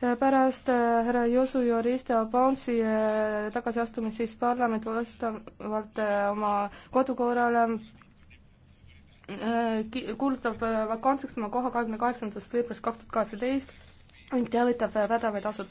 pärast äh, härra Josu Joriste Abansi äh, tagasiastumist siis parlament vastavalt äh, oma kodukorrale kuulutab vakantseks tema koha kahekümne kaheksandast veebruarist kaks tuhat kaheksateist ning teavitab pädevaid asutusi.